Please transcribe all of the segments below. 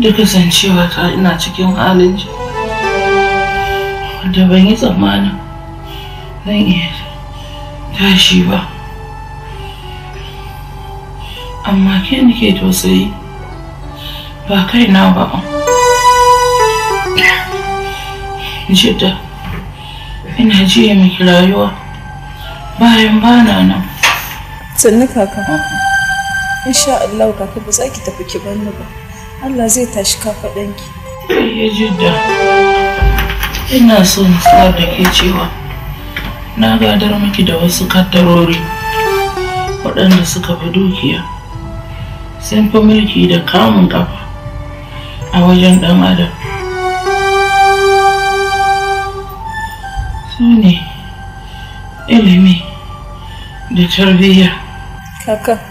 duk kasancewa ta ina cikin halin wanda ban yi tsammanin zan iya tashi ba amma ke nake tausayi ba kai na ba jidda ina jiya miki rayuwa bayan bana nan sannu kaka insha Allah kaka ba za ki tafi ki banni ba Allah zai tashi kafaɗanki. Ya da, ina so na sanar da ke cewa na gadar miki da wasu kaddarori waɗanda suka fi dukiya sun fi mulki da kamun kafa a wajen ɗan adam. Su ne ilimi da tarbiyya. Kaka.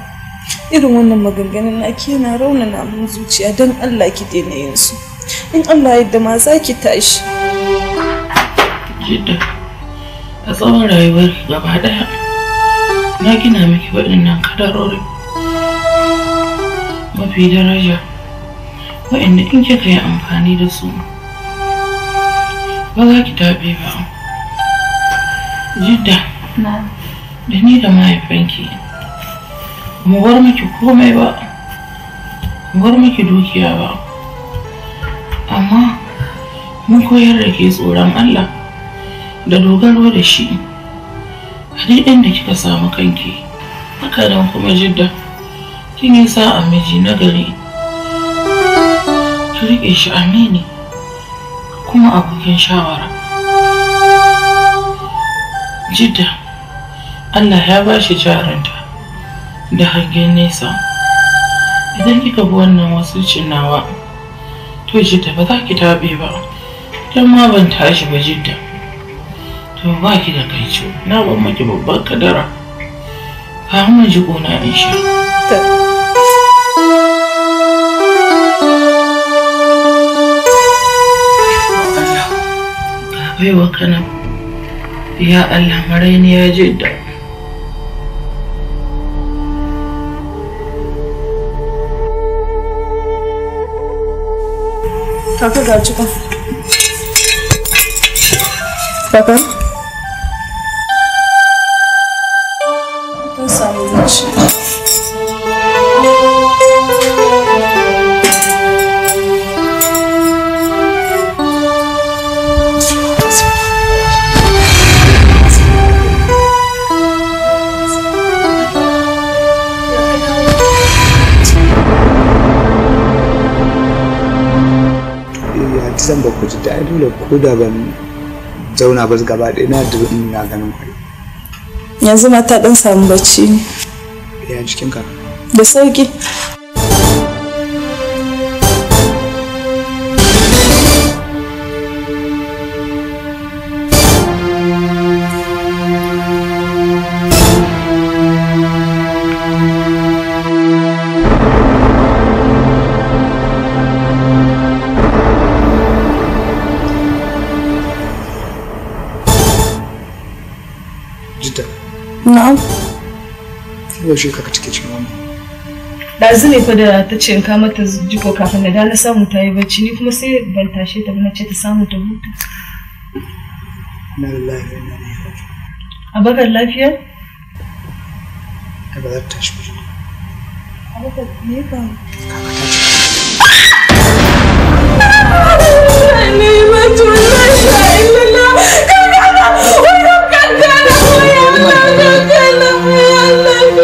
irin wannan maganganun na ke na raunana mun zuciya don Allah ki daina yin su in Allah yadda ma za ki tashi jidda a tsawon rayuwar gaba daya na gina miki waɗannan kadarori mafi daraja waɗanda in kika yi amfani da su ba za ki taɓe ba jidda da ni da mahaifinki mu miki komai ba mu miki dukiya ba amma mun koyar da ke tsoron Allah da dogaro da shi a duk inda kika samu kanki haka nan kuma jidda kin yi sa'a miji na gari ki riƙe shi amini kuma abokin shawara jidda Allah ya bashi shi jaranta da hangen nesa idan kika bi wannan wasu cinawa to jidda ba za ki taɓe ba don ma ban tashi ba jidda to ba ki da kai ce na ban maki babbar kadara ka mu ji gona in sha baiwa kana ya Allah ni ya jidda काका जा चुका काका ko da ban zauna ba gaba ɗaya na in na ganin kwari yanzu mata ɗan samu bacci ne ya cikin ka da sauki yaushe ka cike cikin wannan zan fa da ta ce in ka mata jiko kafin da na samu ta yi bacci ni kuma sai ban tashe ta na ce ta samu ta huta a bakar lafiya? ba ta tashi ba ne ba kaka ta ce Oh, my God.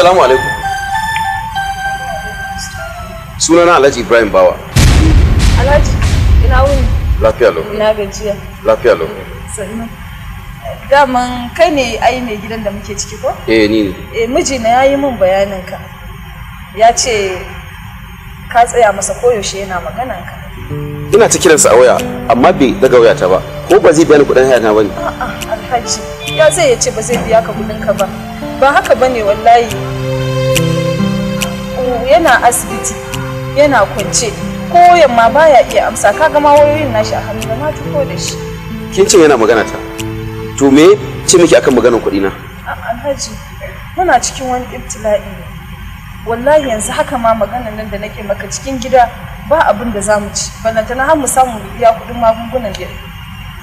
assalamu alaikum sunana alhaji ibrahim bawa alhaji ina wuni lafiya lo ina gajiya lafiya lau sannan daman kai ne ai mai gidan da muke ciki ko eh ni ne eh mijina ya yi min bayanin ka ya ce ka tsaya masa koyaushe yana maganan ka ina ta kiransa a waya amma bai daga waya ta ba ko ba zai biya ni kuɗin haya na ne a'a alhaji ya zai ya ce ba zai biya ka kuɗin ka ba ba haka bane wallahi yana asibiti yana kwance ko yamma baya iya amsa ka ga ma wayoyin nashi a hannu na tuko da shi kin ce yana magana ta to me ce miki akan maganar kuɗi na alhaji muna cikin wani ibtila'i wallahi yanzu haka ma maganar nan da nake maka cikin gida ba abin da zamu ci na har mu samu biya kuɗin magungunan da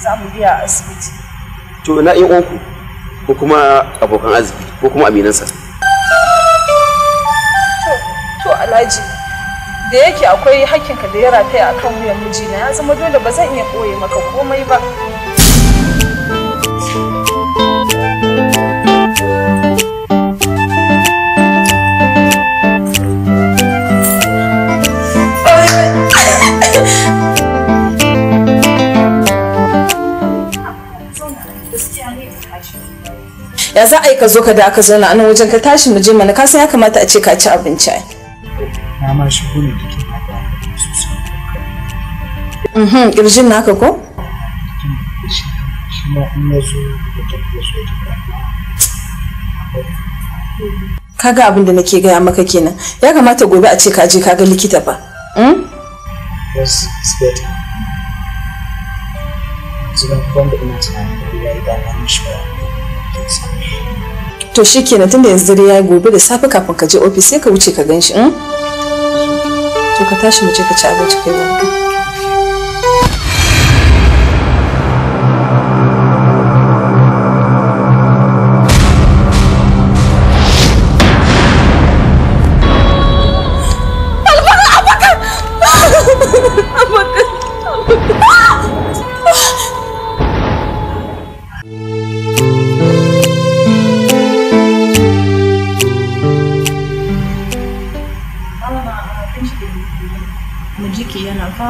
zamu biya a asibiti to ina yan ko kuma abokan arziki ko kuma aminansa da yake akwai hakkinka da ya rataya a kan wuyan mijina ya zama dole ba zan iya boye maka komai ba ya za a yi ka zo ka da aka zauna a nan wajen ka tashi mu je mana ka san ya kamata a ce ka ci abinci ai na ma shigo ne da ke faruwa sosai. Mhm, ƙirjin naka ko? Shi ma in ya zo da tafiya so ta kaga abin da nake gaya maka kenan ya kamata gobe a ce ka je kaga likita hmm? ba to shikenan tunda yanzu dare ya gobe da safe kafin ka je ofis sai ka wuce ka gan shi hmm? to ka tashi mu je ka ci abinci kai wanka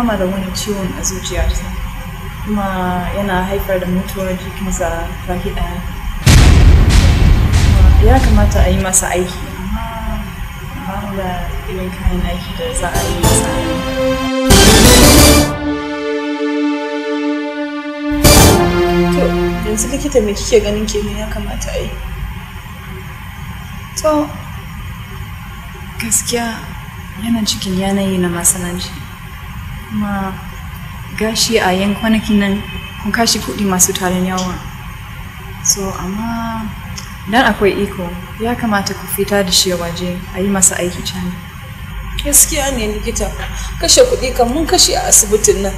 fama da wani ciwon a zuciyarsa kuma yana haifar da mutuwar jikinsa baki ɗaya ya kamata a yi masa aiki amma ba da irin kayan aiki da za a yi masa yanzu likita mai kike ganin kenan ya kamata a yi to gaskiya yana cikin yanayi na masananci kuma gashi a yan kwanakin nan kun kashi kuɗi masu tarin yawa so amma dan akwai iko ya kamata ku fita da shi waje a yi masa aiki can gaskiya ne likita kashe kuɗi kan mun kashe a asibitin nan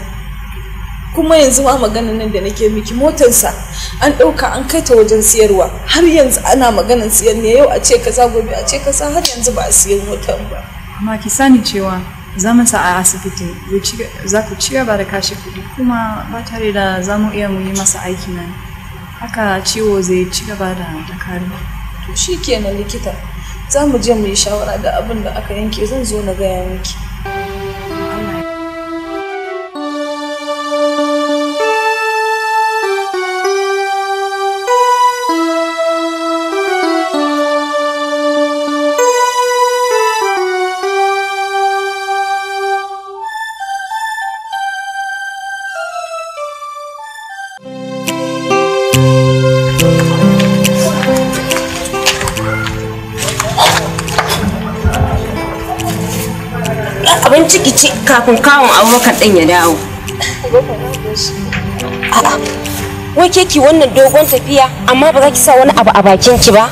kuma yanzu ma maganan nan da nake miki motarsa an ɗauka an kai ta wajen siyarwa har yanzu ana maganan siyan ne yau a ce kaza gobe a ce kaza har yanzu ba a siyan motar ba amma ki sani cewa sa a asibiti za ku ci gaba da kashe kuɗi kuma ba tare da za mu iya mu yi masa aiki nan haka ciwo zai ci gaba da dakari to shi kenan likita za mu je mu yi shawara da abin da aka yanke zan zo na gaya miki kafin kawon abubakar ɗin ya dawo wai keki wannan dogon tafiya amma ba za ki sa wani abu a bakin ki ba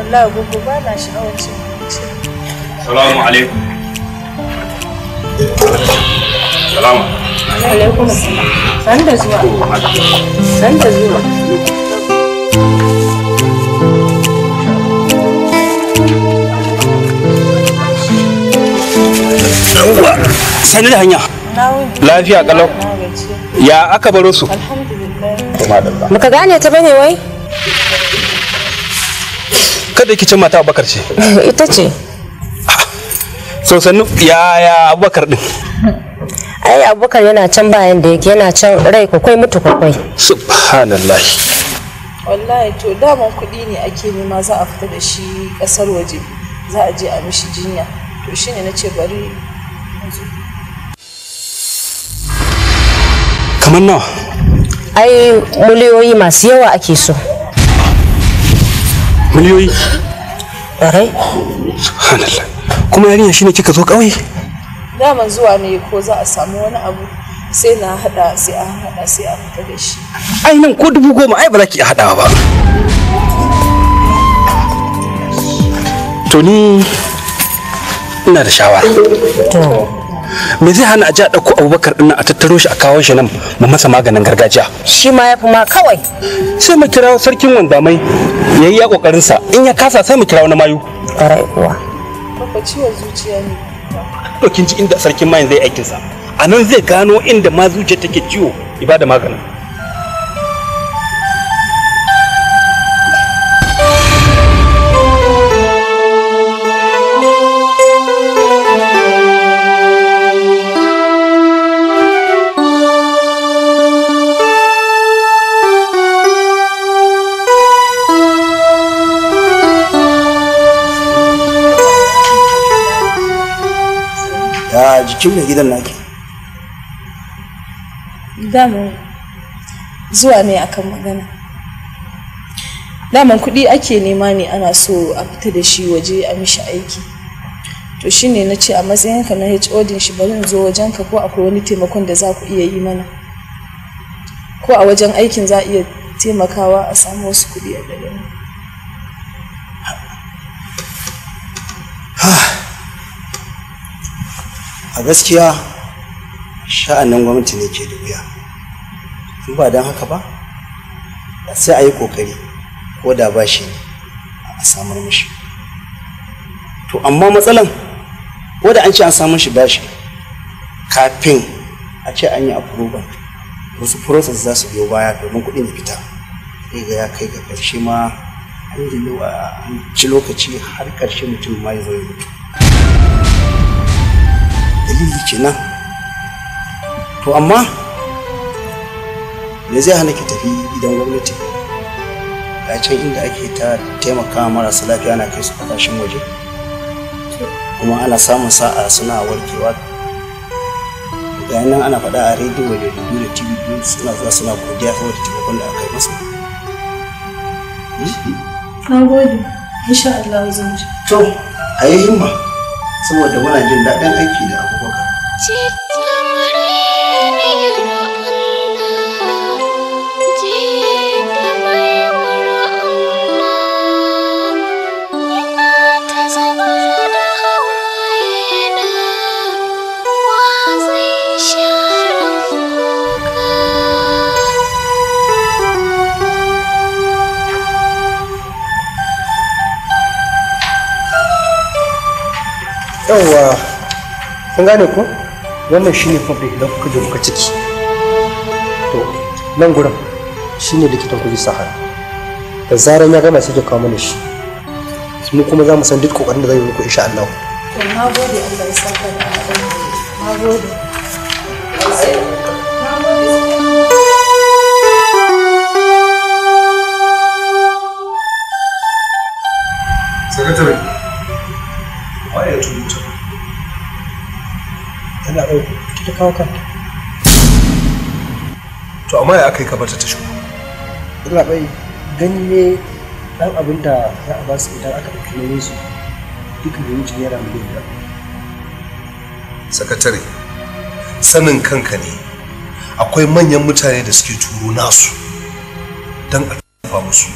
Allah gugu ba na sha'awar cin Salamu alaikum Salamu alaikum Sanda zuwa Sanda zuwa sani da hanya lafiya kalau ya aka baro su baka gane ta bane wai kada ki mata abubakar ce ita ce so sannu ya ya abubakar din ai abubakar yana can bayan da yake yana can rai kai mutu kwakwai subhanallah wallahi to daman kuɗi ne ake nema za a fita da shi ƙasar waje za a je a mishi jinya to shine na ce bari kamar nawa ai miliyoyi masu yawa ake so miliyoyi ƙwarai hanallah kuma yarinya shine kika zo ƙauye daman zuwa ne ko za a samu wani abu sai na hada sai a hada sai a fita da shi ai nan ko dubu goma ai ba za ki iya hadawa ba to ni ina da shawara to me zai hana a ja ɗauko abubakar ɗin a tattaro shi a kawo shi nan mu masa maganin gargajiya shi ma ya fi ma kawai sai mu kira sarkin wandamai ya yi ya ƙoƙarinsa in ya kasa sai mu kira wani mayu ƙwarai kuwa ciwon zuciya ne to kin ji inda sarkin mayin zai aikinsa a nan zai gano inda ma zuciya take ciwo ibada maganin kimne gidan naki Dama zuwa ne akan magana Dama kuɗi ake nema ne ana so a fita da shi waje a mishi aiki to shine na ce a matsayinka na HOD shi bari in zo ka ko akwai wani taimakon da za ku iya yi mana ko a wajen aikin za a iya taimakawa a samu wasu kuɗi a gare mu gaskiya sha'anin gwamnati ne ke da wuya in ba don haka ba sai a yi kokari ko da ba shi a samar mishi to amma matsalan ko da an ce an samun shi bashi kafin a ce an yi approval wasu process za su biyo baya domin kuɗin ya fita sai ga ya kai ga ƙarshe ma an ci lokaci har ƙarshe mutum ma ya zo ya mutu dalili kenan to amma me zai hana ki tafi idan gwamnati a can inda ake ta taimaka marasa lafiya na kai su kasashen waje kuma ana samun sa'a suna warkewa ga nan ana faɗa a rediyo da dubu da tv suna zuwa suna godiya saboda taimakon da aka yi musu hmm? na gode insha Allah zan ji to a yi himma saboda muna jin daɗin aiki da abubakar. yawwa sun gane ku wannan shine fabi da kuka je kuka ciki to nan gurin shine likitan kuji sahara da zarar ya gama sai ki kawo mana shi mu kuma za mu san duk kokarin da zai yi muku insha Allah na gode Allah ya saka da na gode haka to amma ya aka yi kabata ta shigo ina bai dan abin da za a ba su idan aka ɗauki nauyin su duka da wuce naira miliyan biyar sakatare sanin kanka ne akwai manyan mutane da suke turo nasu don a tallafa musu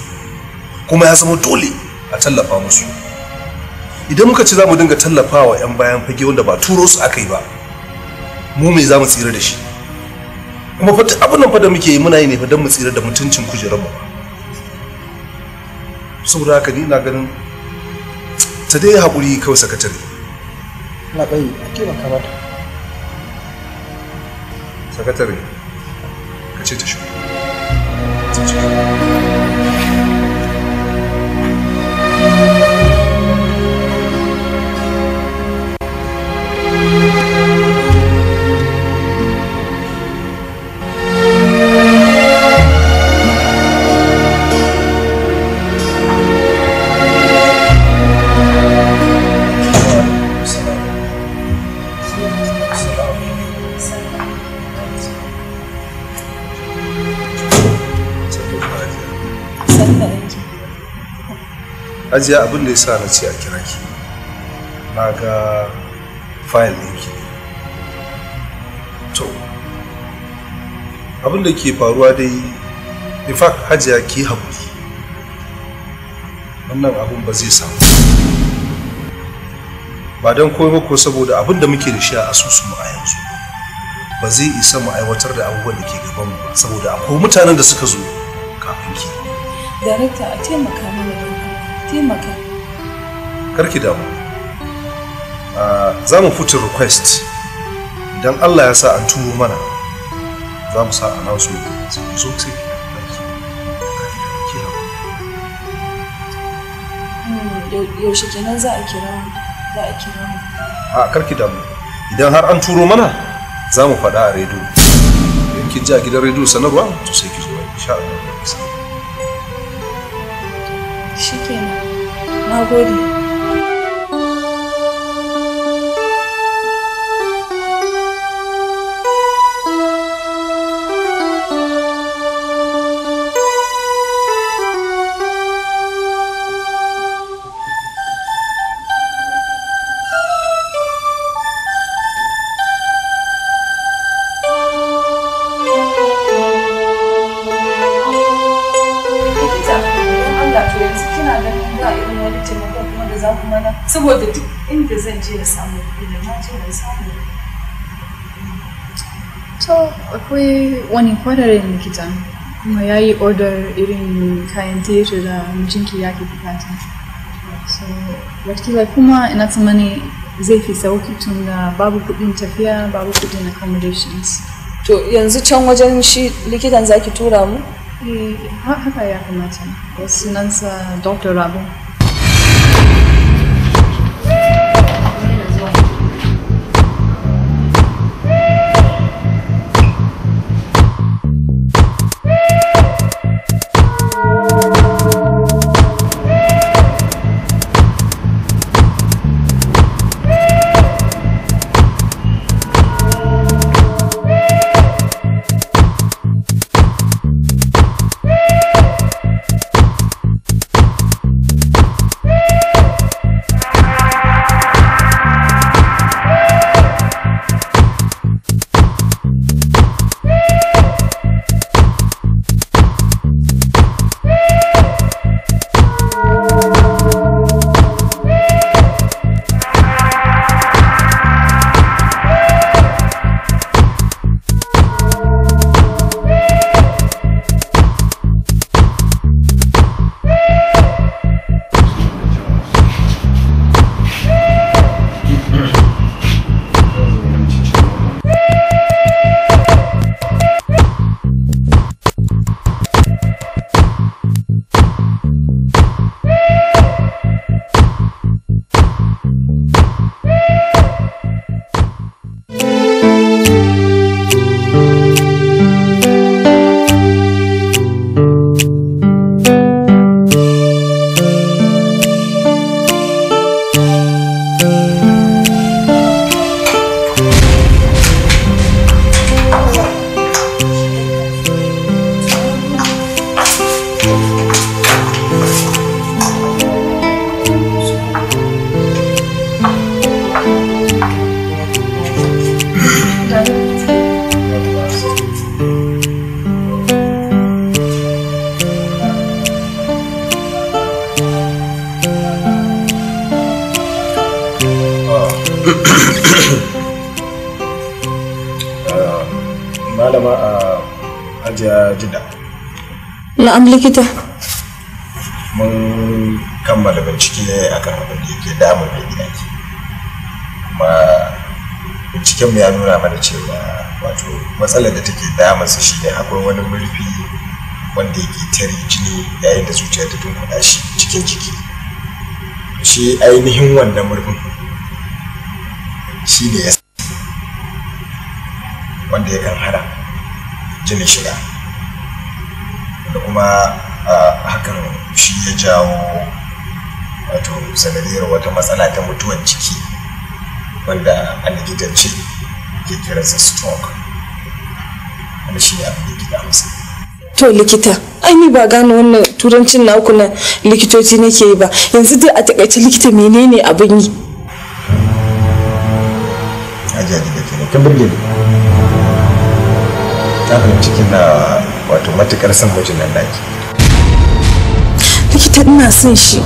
kuma ya zama dole a tallafa musu idan muka ci za mu dinga tallafa wa 'yan bayan fage wanda ba turo su aka yi ba mu me za mu tsira da shi kuma fa abin nan fa da muke yi muna yi ne fa don mu tsira da mutuncin kujerar mu saboda haka ni ina ganin ta dai haƙuri kawai sakatare na bai a taimaka mata sakatare ka ce ta shigo hajiya abin da ya sa na ce a kira ki na ga ki to abin da ke faruwa dai in fact hajiya ki haƙuri wannan abin ba zai samu ba don komai ko saboda abin da muke da shi a asusun mu a yanzu ba zai isa mu aiwatar da abubuwan da ke gaban mu saboda akwai mutanen da suka zo kafin ki. Darekta a taimaka taimaka karki damu ah, za mu fitin request idan allah ya sa an turo mana za mu sa announcement sai zo sai ki hmm, yaushe kenan za a kira za a kira a ah, karki damu idan har an turo mana za mu faɗa a rediyo idan kin ji a gidan rediyo sanarwa to sai 他规定。saboda duk inda zan je na samu kuɗi na je na samu to akwai wani kwararin likita kuma ya yi odar irin kayan teku da mijinki ya ke bukata so watakila kuma ina tsammani zai fi sauki tun da babu kuɗin tafiya babu kuɗin accommodations to yanzu can wajen shi likitan zaki tura mu? Eh, haka ya kamata Wasu nan sa, dr rabu na'am likita mun kammala bincike akan abin da yake damun mai gida ke kuma binciken mu ya nuna mana cewa wato matsalar da take damunsa shi ne akwai wani murfi wanda yake tare jini yayin da zuciya ta tunkuɗa shi cikin ciki shi ainihin wannan murfin shi ne ya wanda yakan hana jini shiga kuma hakan shi ya jawo wato sanadiyar wata matsala ta mutuwan ciki wanda a likitance ke kiransa stroke wanda shi ne abin da gida masu to likita ai ni ba gano wannan turancin naku na likitoci nake yi ba yanzu dai a takaice likita menene abin yi ajiyar da ke ne kan birgin ta fahimci kina wato matukar son mijin nan naki likita ina son shi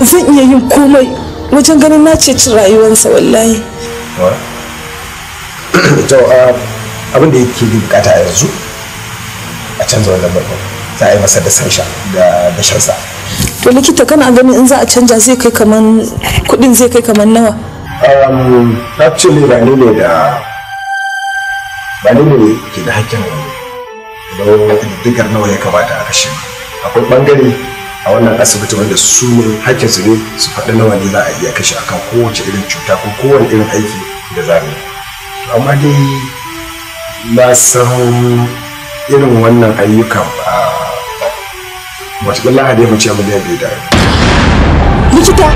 zan iya yin komai wajen ganin na ceci rayuwarsa wallahi to ah, abin da yake bukata a yanzu a canza wannan barko za a yi masa da sansha da dashansa to likita kana ganin in za a canja zai kai kaman kudin zai kai kaman nawa um actually ba ne da ba ne ke da hakkin don diddigar nawa ya kamata a kashe akwai bangare a wannan asibiti wanda su hakkin su ne su faɗi nawa ne za a iya kashe akan kowace irin cuta ko kowane irin aiki da za mu amma dai na san irin wannan ayyukan ba wata lahadi mu ce miliyan biyu da rabi likita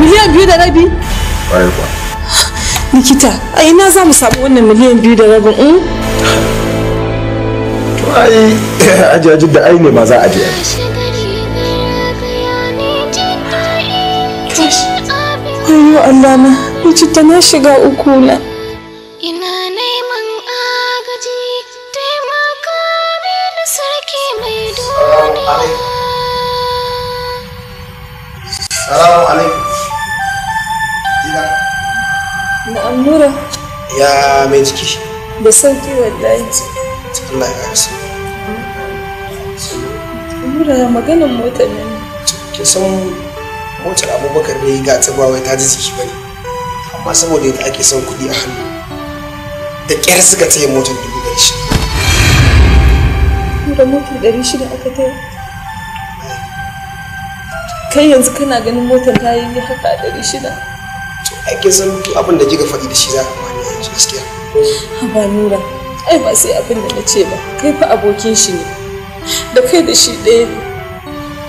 miliyan biyu da rabi ƙwarai kuwa likita a ina za mu samu wannan miliyan biyu da rabin hmm? ai ajajin da ai ne ma za a shiga uku ina neman agaji taimaka mini sarki mai duniya ya mai ciki da sauki wallahi Allah Nura maganin motar ne. Kin san motar Abubakar ne ga ta ba wai ta ji jiki bane. Amma saboda yadda ake son kuɗi a hannu da ƙyar suka taya motar dubu ɗari shida. Nura motar ɗari shida aka taya. Kai yanzu kana ganin motar ta yi haka ɗari shida. To ake san duk abin da kika faɗi da shi za ka amfani yanzu gaskiya. ba Nura, ai ba sai abin da na ce ba, kai fa abokin shi ne. da kai da shi ɗaya ne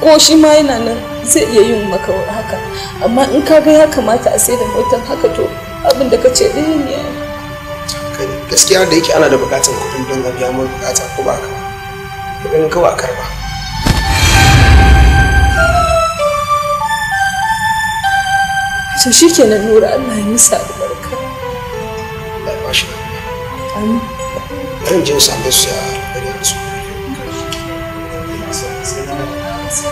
ko shi ma yana nan zai iya yin maka haka amma in ka ga ya kamata a sai da motar haka to abin da ka ce ɗaya ne gaskiya da yake ana da bukatar kuɗin don a biya mun bukata ko ba ka kuɗin kawa karba to shi ke nan nura Allah ya nisa da barka. Ba Amin. Bari in je su ya Science.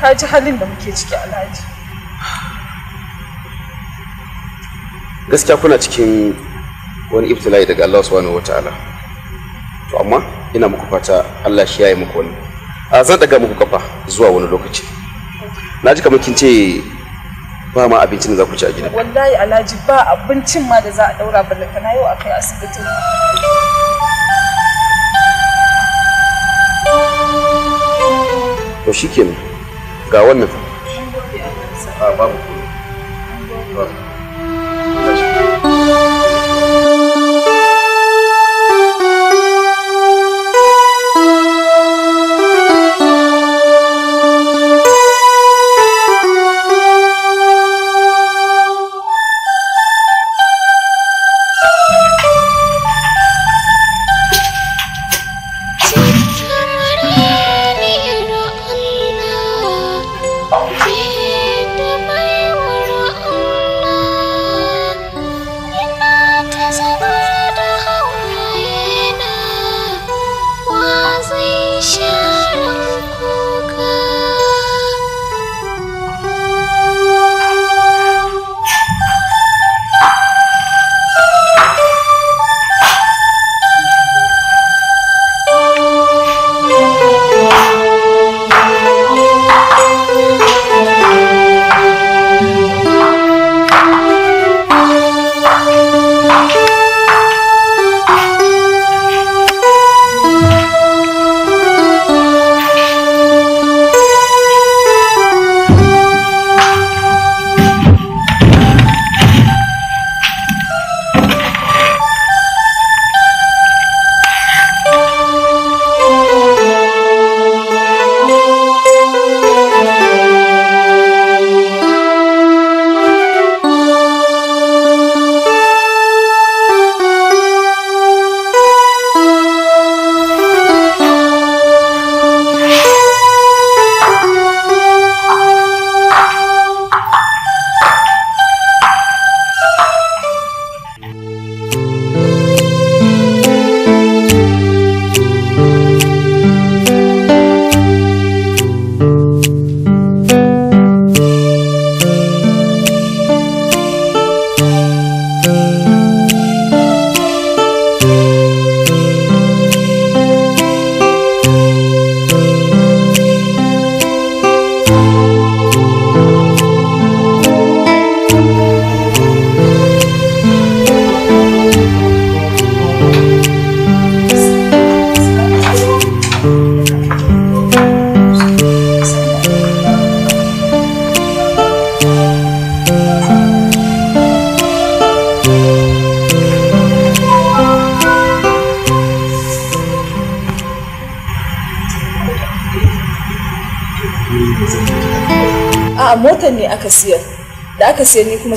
ka ji halin da muke ciki alhaji gaskiya kuna cikin wani ibtila'i daga Allah subhanahu wa ta'ala ina muku fata Allah shi yayi muku wani a zan daga muku kafa zuwa wani lokaci na ji kamar kin ce ba ma abincin da za ku ci a gida wallahi alhaji ba abincin ma da za a daura kana yau akai asibitin to shikenan ga wannan babu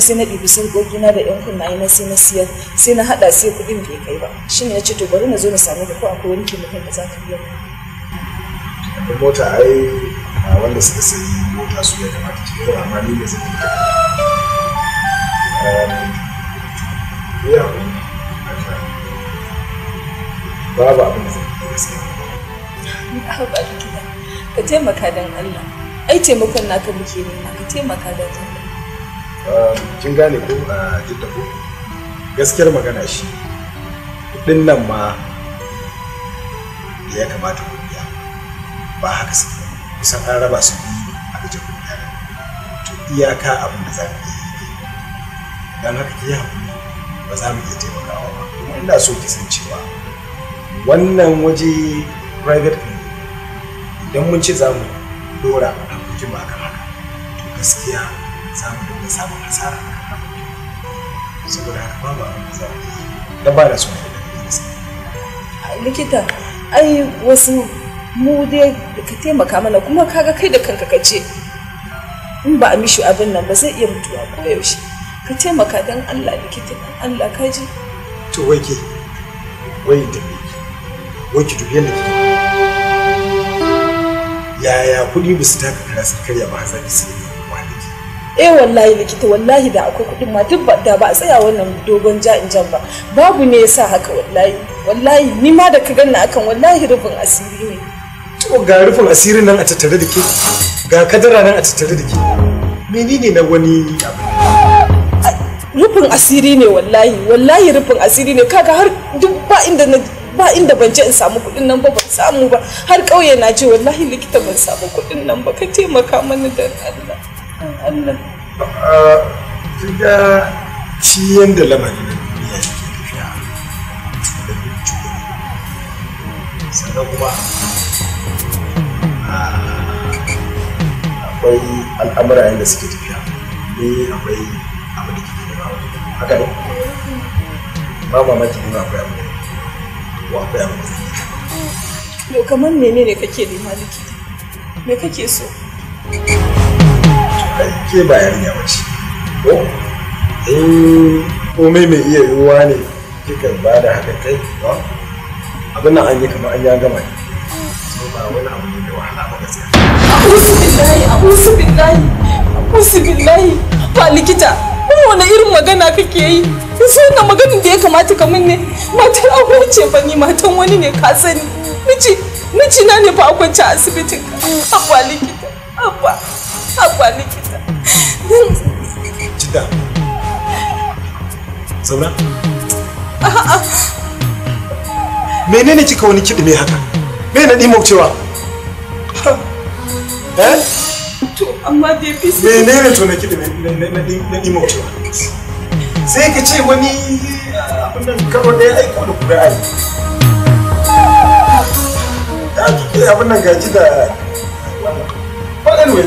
kuma sai na ɗibi sun gogina da ƴan kunnaye na sai na siyar sai na haɗa sai kuɗin bai kai ba shi ne ya ce to bari na zo na samu da ko akwai wani kimikan da za ka biya da mota ai a wanda suka sayi mota su ya kamata ki kai amma ni ne zan yi ehm, eh, ya babu abin da zan yi gaskiya ba ka taimaka don Allah ai taimakon naka muke nema ka taimaka don Allah kin gane ko ah, ko gaskiyar magana shi kuɗin nan ma da ya kamata ku biya ba haka su kusan an raba su biyu a gajin kuɗi to iyaka abin da za ka iya yi don haka ki haƙuri ba za mu iya taimakawa ba kuma ina so ki san cewa wannan waje private ne idan mun ce za mu dora a kan haka to gaskiya za mu samun asara saboda haka babu abin da za a da ba da suna da likita ai wasu mu dai da ka taimaka mana kuma kaga kai da kanka ka ce in ba a mishi abin nan ba zai iya mutuwa ko yaushe ka taimaka don Allah likita don Allah ka ji to wai ke wai da wai ki dubi yadda kike yaya kuɗi ba su taka kara sun karya ba za ki sai eh wallahi likita wallahi da akwai kuɗin ma duk da ba a tsaya wannan dogon ja in jan ba babu ne yasa haka wallahi wallahi ni ma da ka ganna akan wallahi rufin asiri ne to ga rufin asirin nan a tattare da ke ga kadara nan a tattare da ke menene na wani rufin asiri ne wallahi wallahi rufin asiri ne kaga har duk ba inda na ba inda ban je in samu kuɗin nan ba ban samu ba har ƙauye na je wallahi likita ban samu kuɗin nan ba ka taimaka mana da Allah Kiga shi yadda lamarin da duniya yake tafiya da bincike sannan kuma akwai al'amura yadda suke tafiya ne akwai abu da ke da haka ne ba mamaki ne ba akwai abu da ko akwai abu da ke kamar menene kake da maliki me kake so ke ba yarinya ba ko in eh, komai mai iya ruwa ne kika ba da haka kai abin nan an yi kamar an ya gama ne so ba wani abu ne da wahala ba gaskiya abusu billahi abusu billahi abusu billahi ba likita wani irin magana kake yi sai wannan maganin da ya kamata ka min ne matar ce ba ni matan wani ne ka sani miji miji na ne ba akwai ta asibitin abba likita abba abba likita Jidda. Zauna. Menene kika wani kiɗi ne haka? Me na ɗimau cewa? Eh? To, amma fi su. Menene to na kiɗi na ɗimau cewa? Sai ka ce wani eh, abin nan karo ɗaya aiko da ai. kike abin nan gaji da wannan.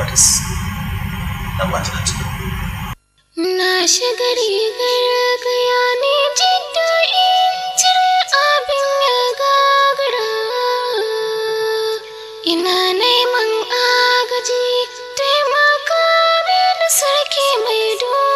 na shiga rigar gaya ne jidda abin ya gagara ina neman agaji taimaka mini sarki mai duwa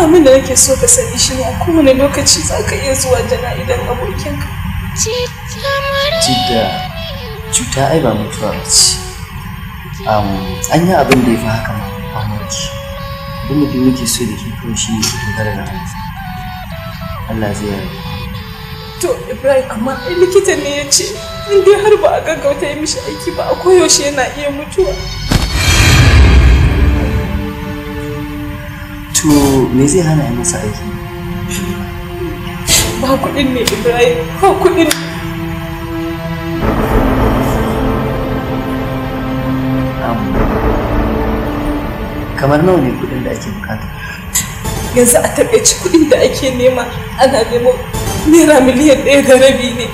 abin da nake so ka sani shi ne a kowane lokaci za ka iya zuwa jana abokinka jidda cuta ai ba mutuwa ba ce an yi abin da ya fi haka ma amurki abin da duk nake so da ke kawai shi ne su dogara da hannu. Allah zai yarda to ibrahim amma likita ne ya ce in har ba a gaggauta yi mishi aiki ba a koyaushe yana iya mutuwa to me zai hana yi masa aiki ba kuɗin ne ibrahim ba kuɗin kamar nawa ne kuɗin da ake bukata yanzu a taƙaice kuɗin da ake nema ana neman naira miliyan ɗaya da rabi ne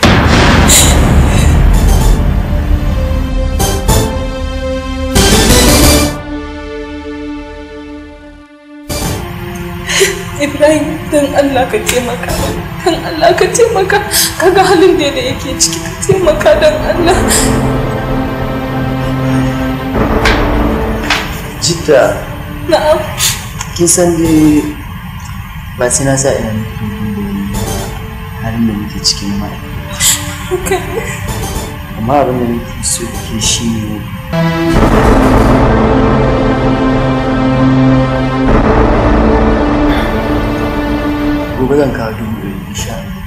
ibrahim don allah ka taimaka don allah ka taimaka kaga halin da da yake ciki ka taimaka don allah jita na'am kin san dai ba sai na sa ina halin da muke ciki na mara amma abin da nake so ke shi ne zan kawo dubu ɗari insha Allah.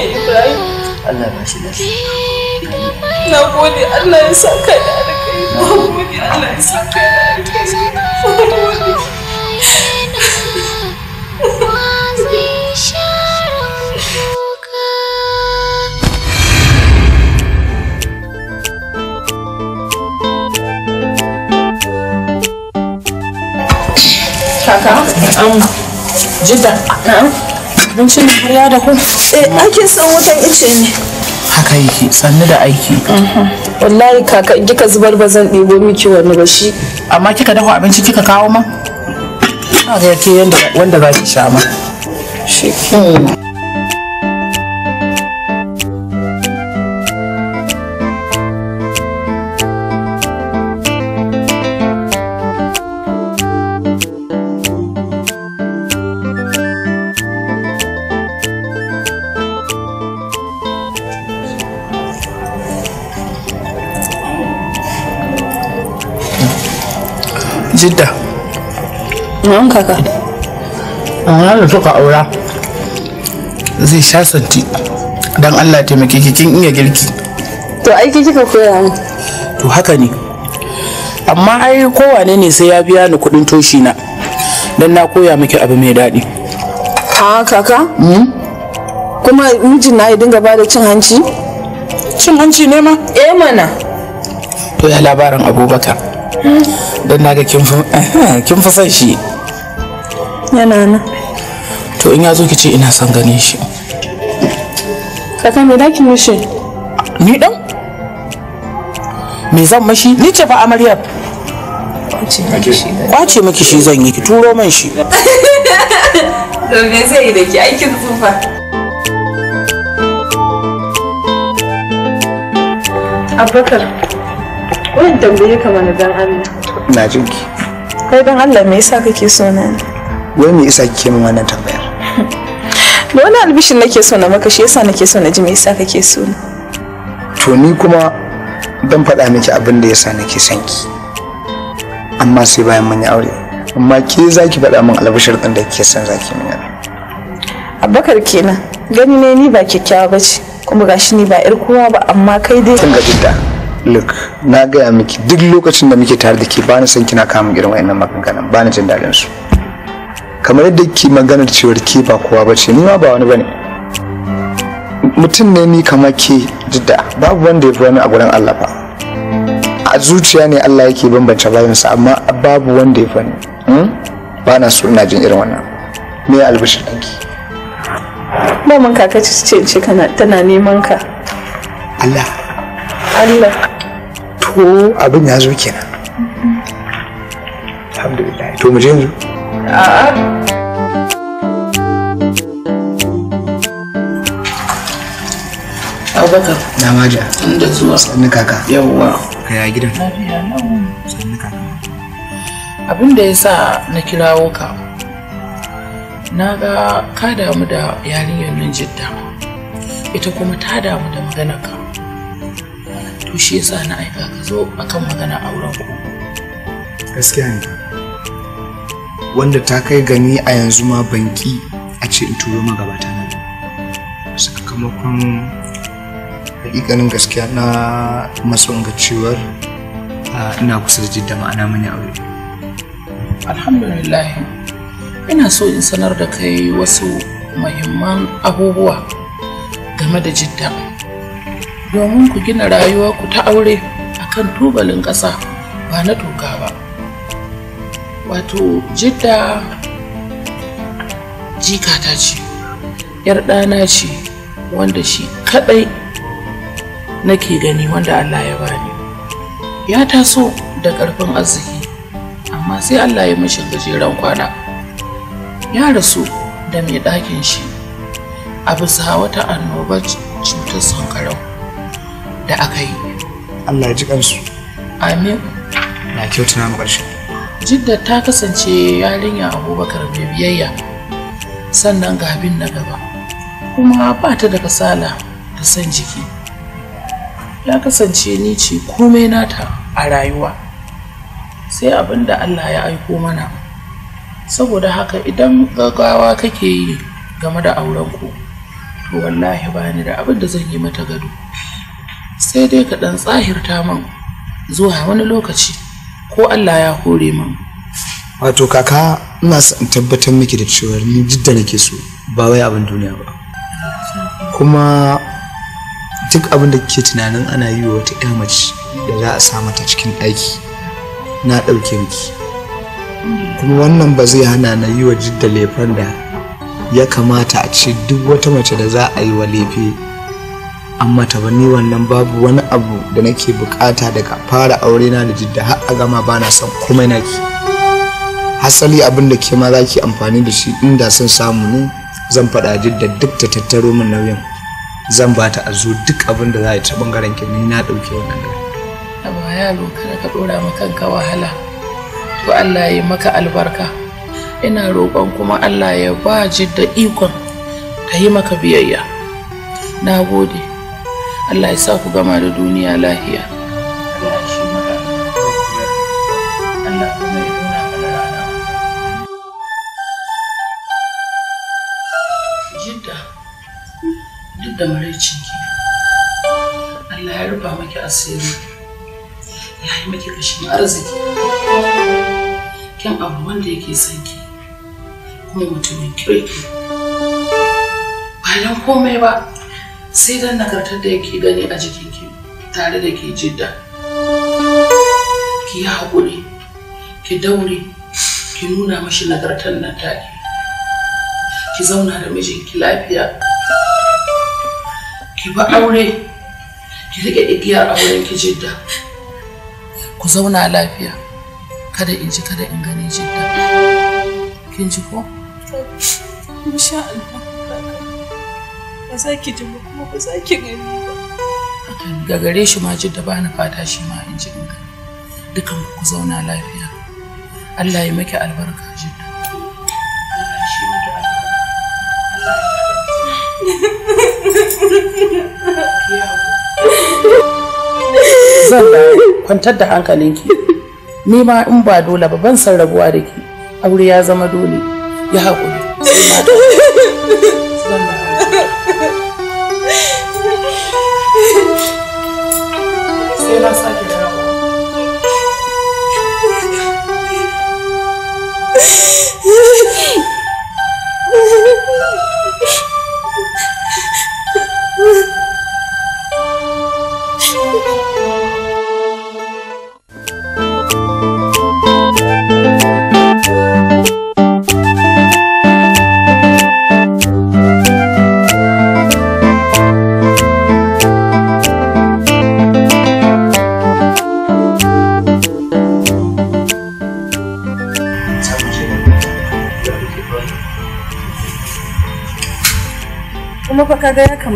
Ibrahim. Allah ba shi lafiya. Na gode Allah ya saka da alkai. Na gode Allah ya saka da alkai. Na gode. an jidda abincin har da ku eh ake san wutan ice ne haka yake sannu da aiki mhm. wallahi kaka kika zubar ba zan ɗebo miki wani ba shi amma kika dafa abinci kika kawo ma ga yake wanda za ki sha ma shi jidda na'am kaka amma da suka aura zai sha santi don allah taimake ki kin iya girki to aiki kika koya mu to haka ne amma ai kowane ne sai ya biya ni kuɗin toshi na don na koya miki abu mai daɗi Ha kaka hmm? kuma mijin na ya dinga bada cin hanci cin hanci ne ma eh mana to ya labarin abubakar hmm. don na ga eh, kin fi son shi yana nan to in ya zo ki ce ina son ganin shi kaka me daki mishi ni dan me zan mashi ni ce fa ba kwace miki shi zan yi ki turo man shi don me zai yi da ki aikin tsufa abubakar wani tambaye ka mana dan amina. na jin ki kai dan Allah me yasa kake so na wai me yasa kike min wannan tambayar da wani albishin nake so na maka shi yasa nake so na ji me yasa kake so na to ni kuma dan faɗa miki abin da yasa nake son ki amma sai bayan mun yi aure amma ke zaki faɗa min albishir din da kike son zaki min abakar kenan gani ne ni ba kyakkyawa bace kuma gashi ni ba 'yar kowa ba amma kai dai kin ga look na gaya miki duk lokacin da muke tare da ke ba ni son kina kamun irin wa'annan maganganun ba ni jin daɗin su kamar yadda ke maganar cewar ke ba kowa ba ce ni ma ba wani ba ne mutum ne ni kama ke jidda babu wanda ya fi wani a gurin Allah ba a zuciya ne Allah yake bambance bayansa amma babu wanda ya fi wani hmm? ba na so ina jin irin wannan me albishir ɗanki maman kaka ce ce kana tana neman ka Allah Allah ko abin ya zo kenan alhamdulillah to mu je yanzu abubakar na maja inda zuwa sannu kaka yawwa ya gidan sannu kaka abin da ya sa na kirawo ka na ga ka damu da yarinyar nan jidda ita kuma ta damu da maganar ka to shi yasa na aika ka zo akan magana auren ku gaskiya ne wanda ta kai gani a yanzu ma banki a ce in turo magabata na sakamakon hakikanin gaskiya na matsayin ga cewar ina kusa da jidda ma'ana mani aure alhamdulillah ina so in sanar da kai wasu muhimman abubuwa game da jidda domin ku gina rayuwa ku ta aure akan tubalin ƙasa ba na toka ba wato jidda ta ce yar ɗana ce wanda shi kaɗai nake gani wanda Allah ya bani ya taso da ƙarfin arziki amma sai Allah ya mashi gajeren kwana ya rasu da mai ɗakin shi a bisa wata annobar cutar sankarau da aka yi Allah ya ji kansu amin na kyautuna mu ƙarshe jidda ta kasance yarinya abubakar da biyayya sannan ga abin na gaba kuma ba ta da kasala da san jiki ya kasance ni ce komai nata a rayuwa sai abinda Allah ya aiko mana saboda haka idan gaggawa kake yi game da aurenku to wallahi bani da abin da zan yi mata gado sai dai ka ɗan tsahirta min zuwa wani lokaci ko Allah ya hore min. Wato kaka ina son tabbatar miki da cewa ni jidda nake so ba wai abin duniya ba. Kuma duk abin da ke tunanin ana yi wa wata ƴa mace da za a sa mata cikin aiki na ɗauke miki. Kuma wannan ba zai hana na yi wa jidda laifin da ya kamata a ce duk wata mace da za a yi wa laifi amma bani wannan babu wani abu da nake bukata daga fara aure na da jidda har a gama bana son komai naki hasali abin da ke ma za amfani da shi inda sun samu ne zan faɗa jidda duk ta tattaro min nauyin zan ba ta azu duk abin da za a ta bangaren ki ni na ɗauke wannan gari. amma baya, lokacin ka ɗora ma kanka wahala to Allah ya maka albarka ina roƙon kuma Allah ya ba jidda ikon ta yi maka biyayya na gode Allah ya sa ku gama da duniya lahiya Allah shi mara Allah ya rana duk da maraicin ki Allah ya rufa maki asiri ya yi maki kashin arziki kyan abu wanda yake sanki kuma mutumin kirki ba don komai ba sai dan nagartar da yake gani a jikinki tare da ke jidda ki yi haƙuri ki daure ki nuna mashi nagartar nan take ki zauna da mijinki lafiya ki ba aure ki rike igiyar auren ki jidda ku zauna lafiya kada in ji kada in gani jidda kin ji ko insha Allah ba za ki ji ba kuma ba za ki gani ba ga gare shi ma jidda bani ni fata shi ma in ji ɗinka dukan ku zauna lafiya Allah ya maki albarka jidda zan da kwantar da hankalinki ni ma in ba dole ba ban san rabuwa da ki aure ya zama dole ya haƙuri zan da Sei lá, sabe?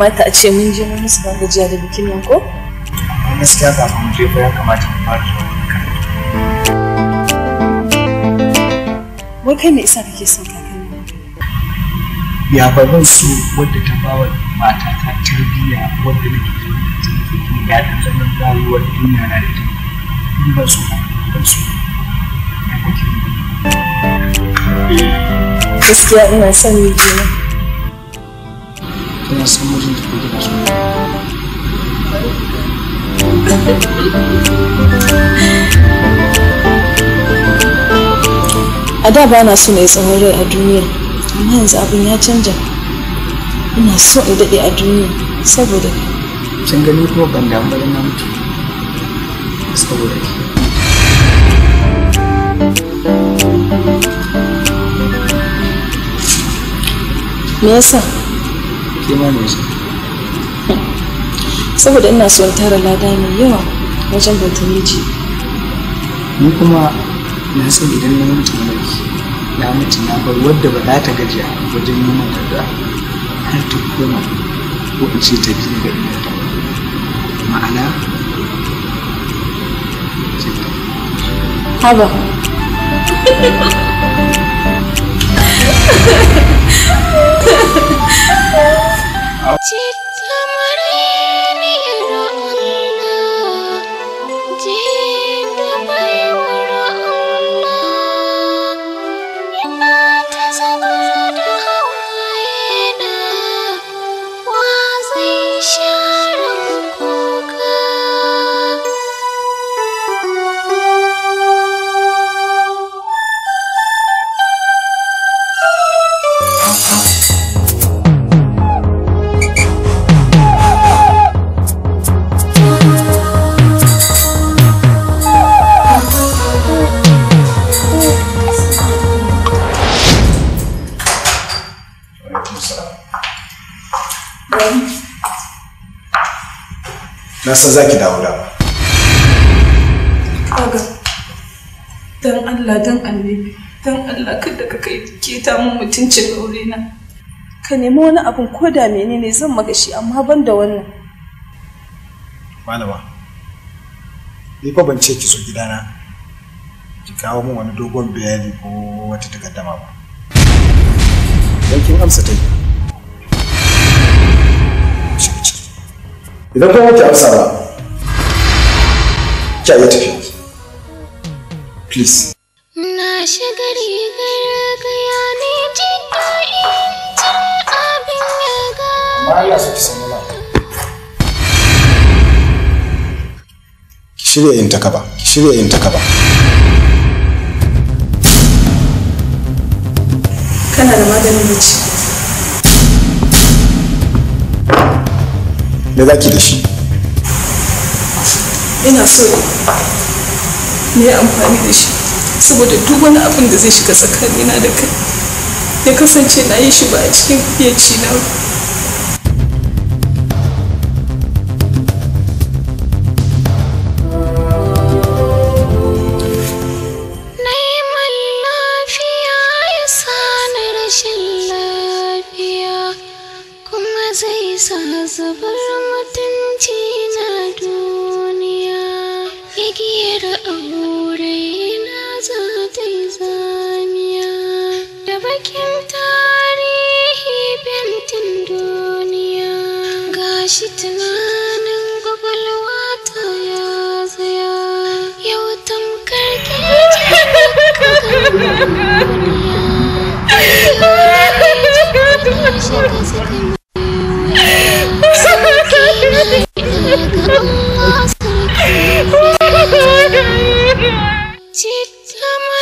kamata a ce mun je mun musu ban gajiya da bikin nan ko? Gaskiya kafin mu je ba ya kamata mu fara zuwa Wai kai me isa kake son kakanni? Ya ba zan so wadda ta bawa mata ta tarbiyya wadda nake da wanda ta ke ya da zaman rayuwar duniya na da ta. Ni ba so ba so. Gaskiya ina son mijina. na a da ba na so na yi tsawon rai a duniya amma yanzu abin ya canja ina so in daɗe a duniya saboda kai kin gani kuma ban damu da na mutu saboda ki. me yasa saboda ina so in tara lada mai yawa wajen bautar miji ni kuma na san idan na mutu na mulki na mutu na bar wadda ba za ta gajiya wajen yi min da har ta koma ko in ce ta biyu ga ina ta ma'ana haba 记 Na san za ki dawo da ba. Kaga, don Allah don annabi, don Allah kada ka kai keta mun mutuncin aure na. Ka nemi wani abin ko da menene zan magashi, amma ban da wannan. Malama, ni fa ban ce ki so gidana ki kawo min wani dogon bayani ko wata takaddama ba. Don kin amsa ta yi. idan kuma ki amsa ba ki iya tafiya please na shiga rigar gaya ne jin daɗin jin abin ya ga amma su so ki samu ki shirya yin takaba ki shirya yin takaba kana da maganin mace. me za ki da shi ina so ne amfani da shi saboda duk wani abin da zai shiga tsakanina da kai ya kasance na yi shi ba a cikin iya na शिलामः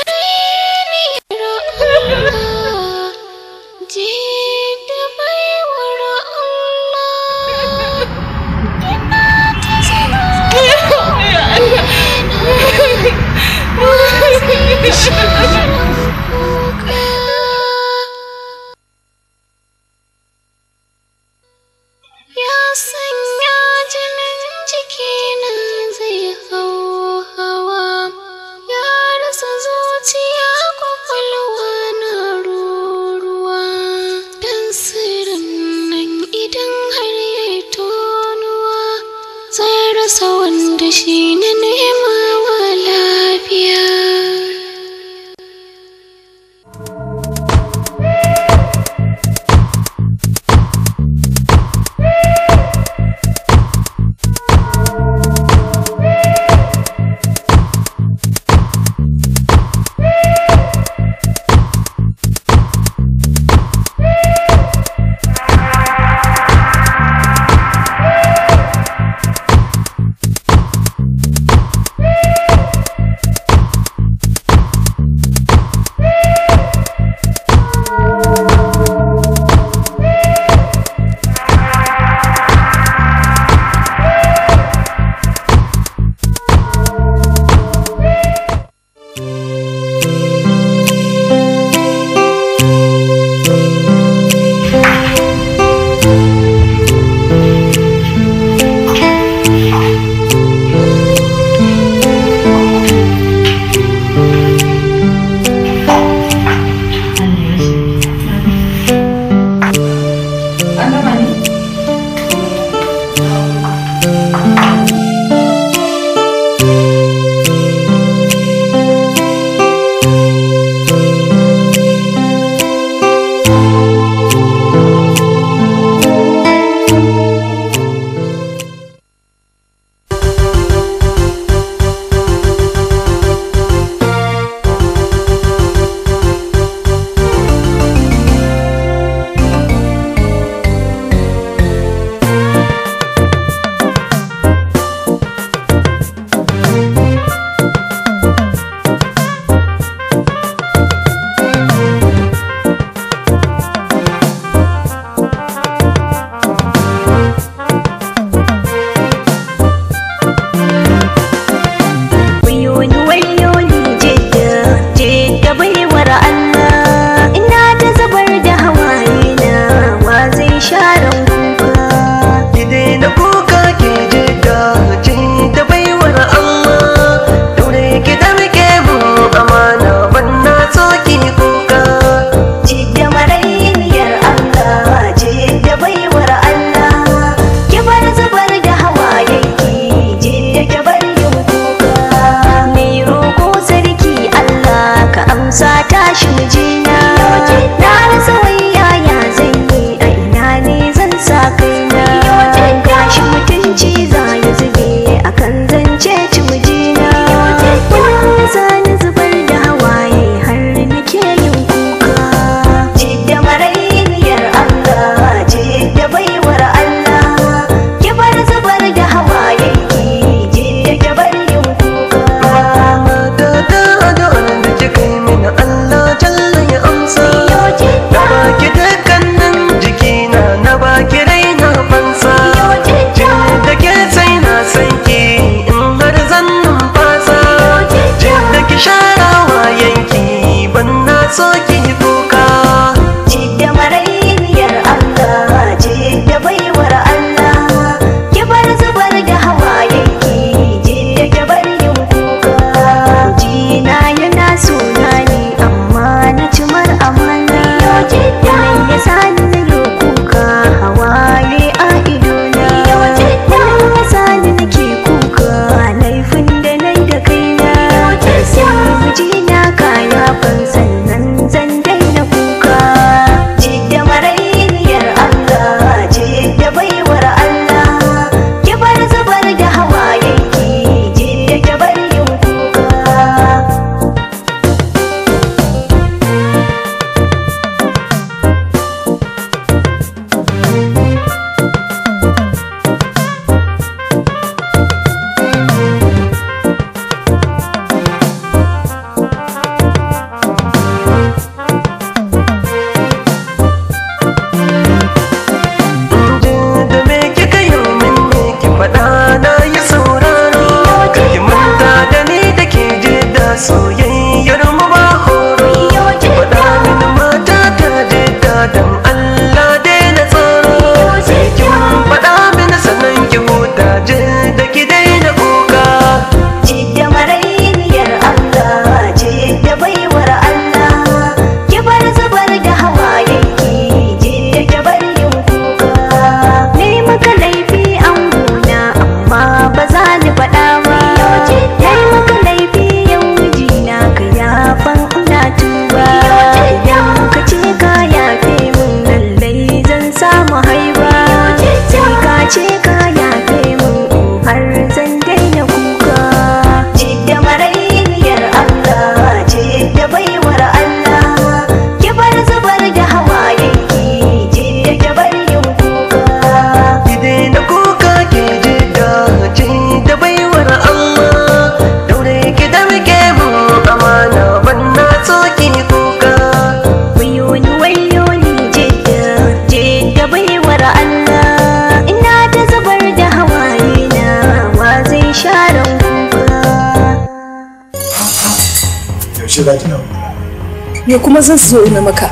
me kuma zan siyo ina maka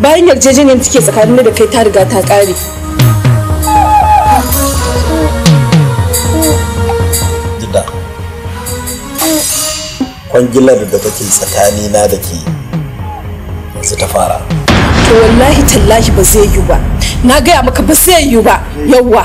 bayan yarjejeniyar take tsakanin da kai ta riga ta ƙare kwangilar da take tsakani na da ke yanzu ta fara to wallahi tallahi ba zai yiwu ba na gaya maka ba zai yiwu ba yawwa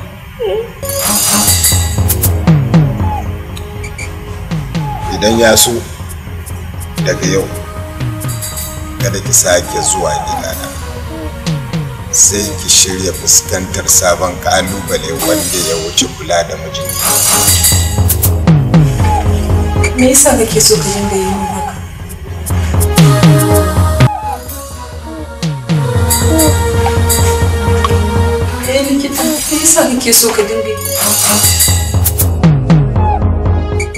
idan ya so daga yau kada ki sake zuwa gidana sai ki shirya fuskantar sabon kalubale wanda ya wuce kula da mijinki me yasa kake so ka dinga yi min haka eh, me yasa kake so ka dinga yi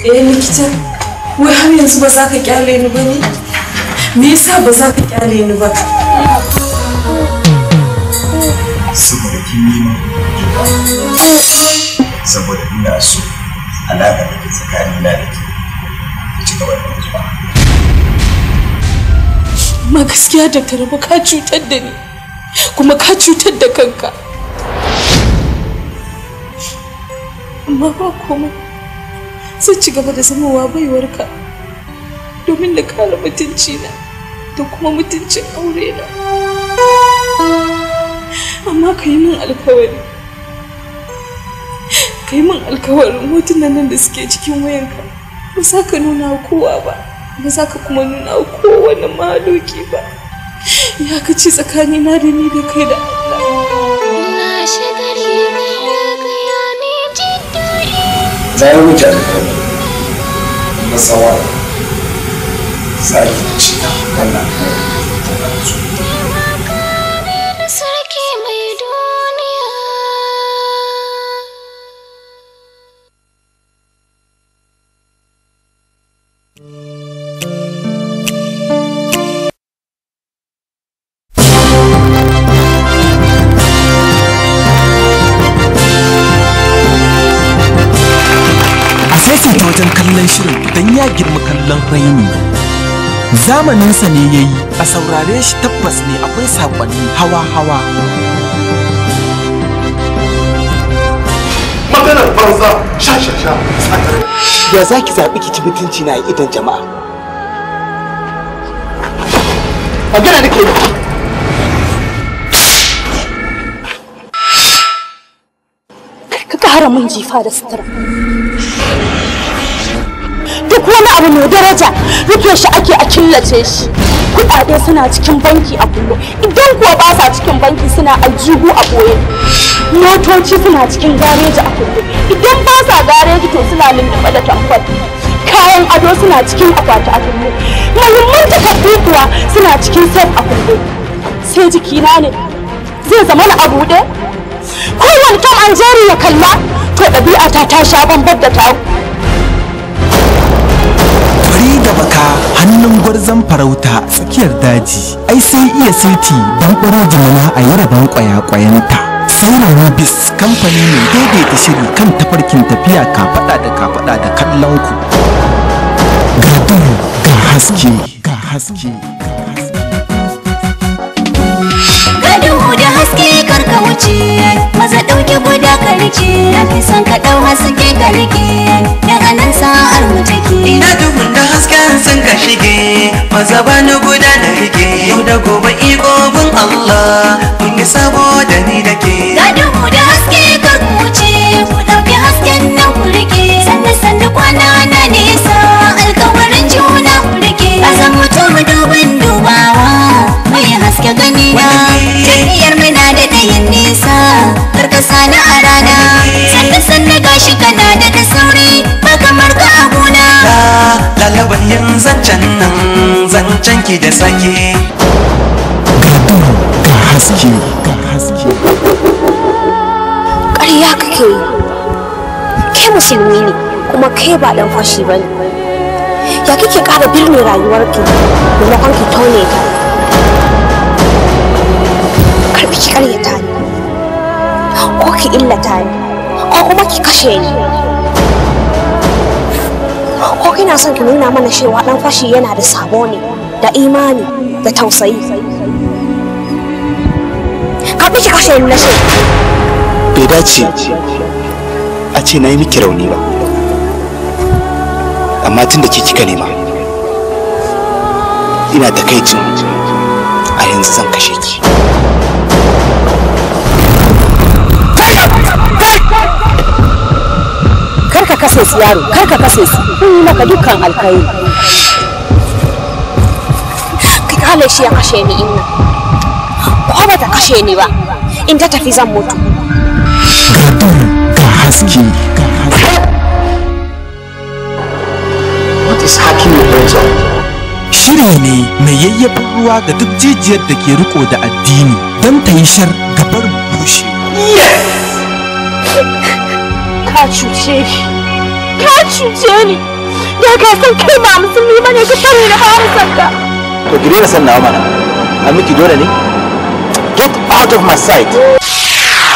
eh likita wai har yanzu ba za ka kyale ni ba ne me yasa ba za ka kyale ni ba saboda kin yi saboda ina so alaƙa da ke tsakanin na da ke ci gaba da zuwa ma gaskiya da karaba ka cutar da ni kuma ka cutar da kanka amma ba komai sun ci gaba da baiwar baiwarka domin da kare mutunci na da kuma mutuncin aure na amma ka yi min alkawari ka yi min alkawarin hotunan nan da suke cikin wayarka, ba za ka nuna kowa ba ba za ka kuma nuna wa kowane mahaloki ba ya ka tsakani na da ni da kai da Allah ta yi wujar na tsawon sai cika wannan kai zamaninsa ne ya yi a saurare shi tabbas ne akwai saƙonni hawa-hawa maganar banza sha-sha-sha ya za ki zaɓi ki ci mutunci na idan jama'a magana nake yi ƙara min jifa da sutura. duk wani abu mai daraja rufe shi ake a killace shi kuɗaɗe suna cikin banki a kullum idan kuwa ba sa cikin banki suna aljihu a boye motoci suna cikin gareji a kullum idan ba sa gareji to suna lulluɓe da tamfol kayan ado suna cikin akwati a kullum muhimman takardu kuwa suna cikin sef a kullum sai jikina ne zai zama na abu ɗaya kowane tom an jeri ya kalla to ɗabi'ata ta ta sha bambar da taku da baka hannun gwarzon farauta tsakiyar daji ai sai iya sirti don ƙwaro jimina a yaraban kwayakwayanta kwayanta ƙwayanta Rubis kamfani ne daidaita shiri kan tafarkin tafiya kafaɗa da kafaɗa da kallon ku. Ga duhu ga haske ga haske ga duhu da haske karka wuce maza ɗauke gudu. rike Nafi son ka ɗau haske ka rike Daga nan sa'ar mu take Ina duhun da hasken sun ka shige Maza ba ni guda na rike Yau da gobe iko bin Allah Mun yi saboda ni da ke Ga duhu da haske kar ku wuce Ku ɗauki hasken nan ku rike Sannan sannan kwana na nisa Alkawarin juna ku rike A san mutum dubin dubawa Mai haske gani na Tafiyar muna da ɗayan nisa ni a rana sanda sanda gashi kana da da sauri ba kamar ka a gona lalaba yin zancen nan zancen ki da sake gadon ka haske ka haske ƙarya kake yi kai musulmi ne kuma kai ba dan fashi ba ne ya kike ƙara birne rayuwarki maimakon ki taune ta karfi ki ta ne ko ki illata ni ko kuma ki kashe ni ko kina son ki nuna mana cewa dan fashi yana da sabo ne da imani da tausayi karbi ki kashe ni na ce bai dace a ce na yi miki rauni ba amma tun da ke kika nema ina da kai a yanzu zan kashe ki kashe su yaro kar ka kashe su sun yi maka dukkan alkhairi ki kale shi ya kashe ni inna ko ba ta kashe ni ba in ta tafi zan mutu ga haske ka haske what is hacking your brains on shiri ne mai yayyafin ruwa ga duk jijiyar da ke riko da addini don ta yi shar gabar bushe. Yes! Ka cuce shi. ka cuce ni da ka san kai ba musulmi bane ka sani da ba san ka to san a miki get out of my sight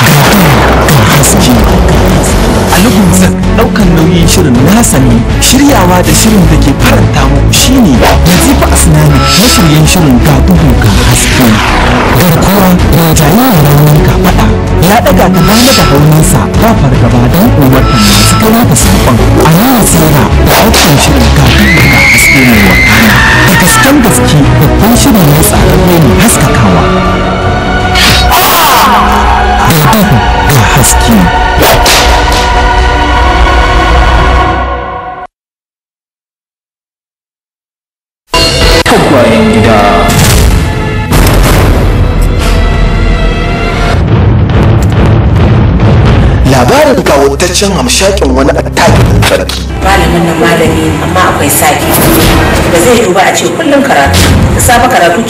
ga haske a ɗaukan nauyin shirin nasa ne shiryawa da shirin da ke faranta muku shine sinani Asnani mashiryan shirin ga duhu ga haske garkuwa da jayi ranar ka faɗa ya ɗaga ta dama da haunansa, ba fargaba don umartan masu kira da saƙon a yana tsira da ɗaukan shirin ga duhu ga haske ne wa da gasken gaske babban shirin na tsararre ne haskakawa. Ga duhu ga haske.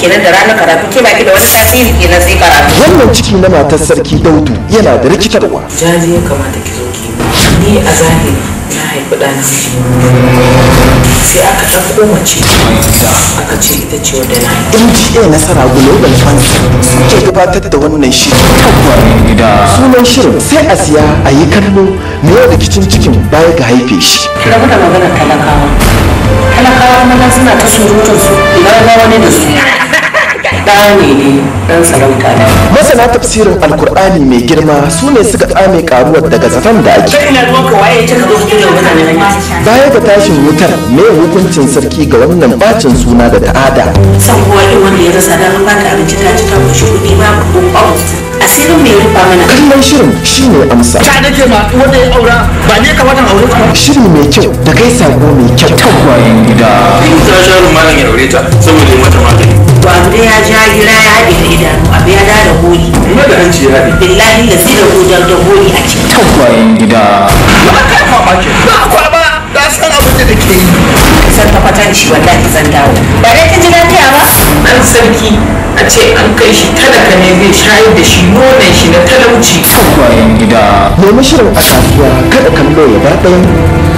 kenan da ranar karatu ke baki da wani tasiri kenan sai karatu wannan ciki na matar sarki daudu yana da rikitarwa jaji ya kamata ki zo ki ni a zahiri na haifi ɗa namiji sai aka ɗauko mace aka ce ita ce wadda na haifi mda nasara global funds ke gabatar da wannan shirin sunan shirin sai a siya a yi kallo mai rikicin cikin baya ga haife shi rabu da maganar talakawa talakawa kuma suna ta surutun su idan rawa ne da su Masana tafsirin Alkur'ani mai girma su ne suka tsame karuwar daga zafan da ake. da Baya ga tashin wutar me hukuncin sarki ga wannan bacin suna da ta'ada. asirin mai rufa mana kallon shirin shine amsa ta nake ma wanda ya aura ba ne ka aure shiri mai kyau da kai sako mai kyau tagwayen gida Ina ta sha malam ya aure ta saboda mata magani ba dai ya ja gira ya haɗe da idanu abu ya da gori kuma da hanci ya haɗe billahi da sai da godar da gori a cikin tagwayen gida ba kai ma ba ke ba kwa ba da san abin da ke yi san ta fatan shi ta san dawo ba dai kin ji lafiya ba an sarki a ce an kai shi talaka ne zai shayar da shi nonon shi na talauci tagwayen gida nemi shirin a kasuwa kada kallo ya ba ɗayan